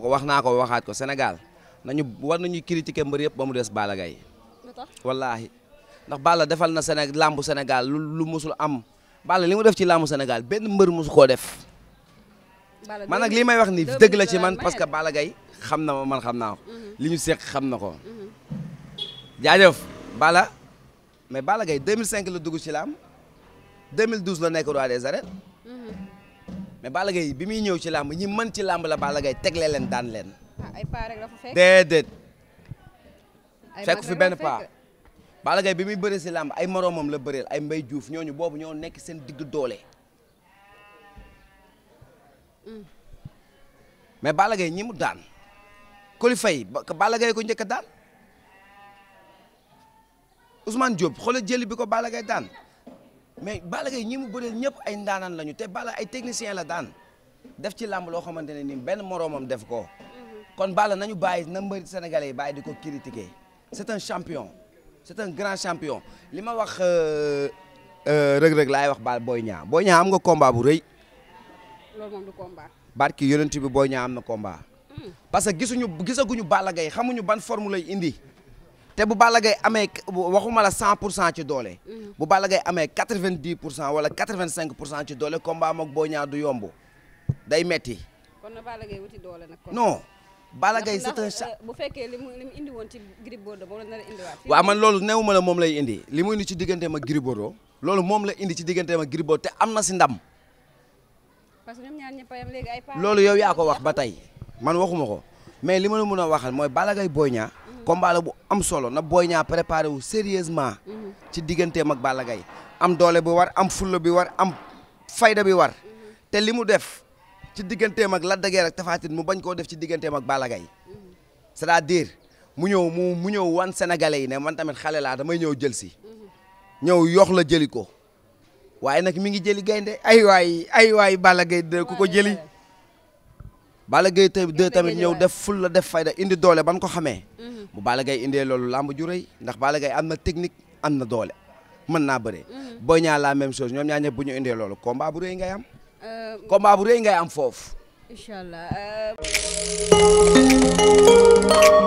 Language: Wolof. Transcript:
ko wax naa ko waxaat ko Sénégal nañu war nañu critiquer mbër yëpp ba mu des Balla Gaye wallaahi ndax Balla defal na Séné làmbu Sénégal lu lu musul am bala li mu def ci làmbu Sénégal benn mbër musu koo def man nag lii may wax ni dëgg la ci man parce que Balla Gaye xam na ma man xam naa ko mhm. li ñu seq xam na ko mhm. jaajëf bala mais Balla Gaye 2005 la dugg ci lam 2012 la nekk roi des arènes mais Balla Gaye bi muy ñëw ci làmb ñi mën ci làmb la Balla tegle leen daan leen. Ah, ay paa fekk. fi benn paa. Balla bi muy bëre si làmb ay moroomam la bëreel ay Mbay Juuf ñooñu boobu ñoo nekk seen digg doole. Mm. mais Balla Gaye ñi mu daan. koli fay Gaye ko njëkk a daan Ousmane Diop xoolal jëli bi ko Balla Gaye daan. mais Balla Gaye ñi mu bëreel ñëpp ay ndaanaan lañu te bala ay technicien la daan def ci làmb loo xamante ne ni benn moroomam def ko mhm. kon Balla nañu bàyyi na mbër sénégalais yi bàyyi di ko critiquer c'est un champion c'est un grand champion li ma wax euh, euh, rëg-rëg laay wax baal Boy Niang Boy Niang am nga combat bu rëy loolu moom du combat barki yonent bi Boy Niang am na komba mm. parce que gisuñu gisaguñu Balla Gaye xamuñu ban forme lay indi te bu Balla Gaye amee waxuma la cent pour cent ci doole. Mm-hmm. bu Balla Gaye amee quatre vingt dix pour cent wala quatre vingt cinq pour cent ci doole combat am ak Boy Niang du yomb day metti kon na Balla Gaye wuti doole nag kon. non Balla Gaye c'est un euh, bu fekkee li mu indi woon ci Gris Bordeaux moom la a indiwaat. waaw man loolu néew la moom lay indi li mu ci digganteem ak Gris Bordeaux moom la indi ci digganteem ak Gris te am na si ndam. parce que loolu yow yaa ko wax ba tey man waxuma ko mais li ma la mën a waxal mooy Balla Gaye Boy Niang combat la bu am solo na Boy Niang préparé wu sérieusement mhm. ci digganteem mag Balla Gaye am doole bi war am fulla bi war am fayda bi war mhm. te li mu def ci digganteem mag Lac de Guiers ak mu bañ koo def ci digganteem ak Balla Gaye mhm. cest dire mu ñëw mu mu ñëw wan sénégalais yi ne man tamit xale laa damay ñëw jël si ñëw yox la jëli ko waaye nag mi ngi jëli gaynde ay waay ay waay Balla Gaye ku ko jëli Balla Gaye te deux tamit ñëw def ful la def fayda indi doole ban ko xamee mhm. bu Balla Gaye indee loolu làmb ju ndax Balla gay am na technique am na doole mën naa bëree mhm. Boy Niang la même chose ñoom ñaa ñëpp bu ñu indee loolu combat bu rëy ngay am euh, combat bu rëy ngay am foofu incha allah euh.